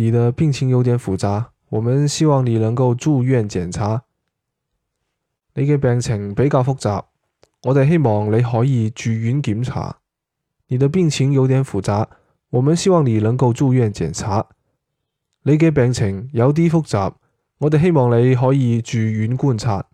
你的病情有點複雜，我們希望你能夠住院檢查。你嘅病情比較複雜，我哋希望你可以住院檢查。你的病情有點複雜，我們希望你能夠住院檢查。你嘅病情有啲複雜，我哋希望你可以住院觀察。